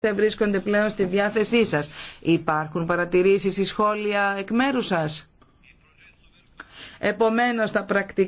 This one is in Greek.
δεν βρίσκονται πλέον στη διάθεσή σας. Υπάρχουν παρατηρήσεις ή σχόλια εκ μέρους σας. Επομένως, τα πρακτικά